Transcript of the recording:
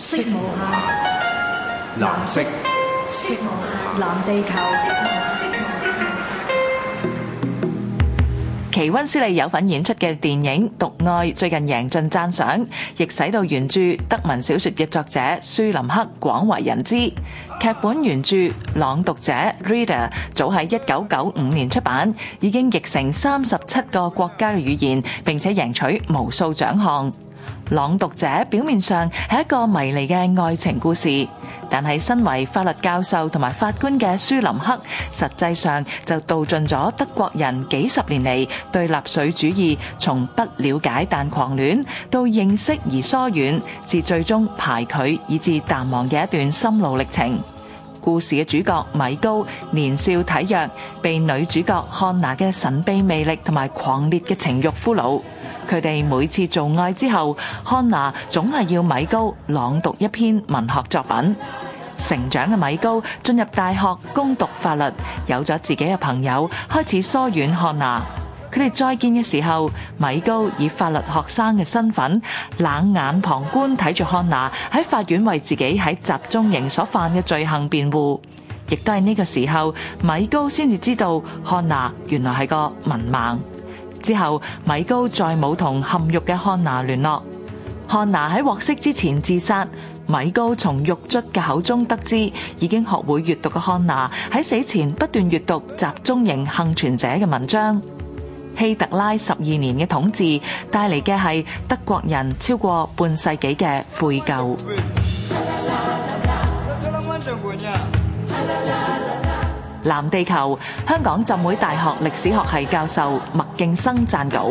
色無限，藍色，色無限，藍地球。奇温斯利有份演出嘅電影《獨愛》，最近贏盡讚賞，亦使到原著德文小説嘅作者舒林克廣為人知。劇本原著《朗讀者》（Reader） 早喺一九九五年出版，已經譯成三十七個國家嘅語言，並且贏取無數獎項。朗讀者表面上係一個迷離嘅愛情故事，但係身為法律教授同埋法官嘅舒林克，實際上就道盡咗德國人幾十年嚟對納粹主義從不了解但狂戀，到認識而疏遠，至最終排拒以至淡忘嘅一段心路歷程。故事嘅主角米高年少體弱，被女主角漢娜嘅神秘魅力同埋狂烈嘅情慾俘虜。佢哋每次做愛之後，漢娜總係要米高朗讀一篇文學作品。成長嘅米高進入大學攻讀法律，有咗自己嘅朋友，開始疏遠漢娜。佢哋再見嘅時候，米高以法律學生嘅身份冷眼旁觀睇住漢娜喺法院為自己喺集中營所犯嘅罪行辯護。亦都係呢個時候，米高先至知道漢娜原來係個文盲。之後，米高再冇同陷獄嘅漢娜聯絡。漢娜喺獲釋之前自殺。米高從獄卒嘅口中得知，已經學會閱讀嘅漢娜喺死前不斷閱讀集中營幸存者嘅文章。希特拉十二年嘅統治帶嚟嘅係德國人超過半世紀嘅悔疚。 藍地球，香港浸會大學歷史學系教授麥勁生撰稿。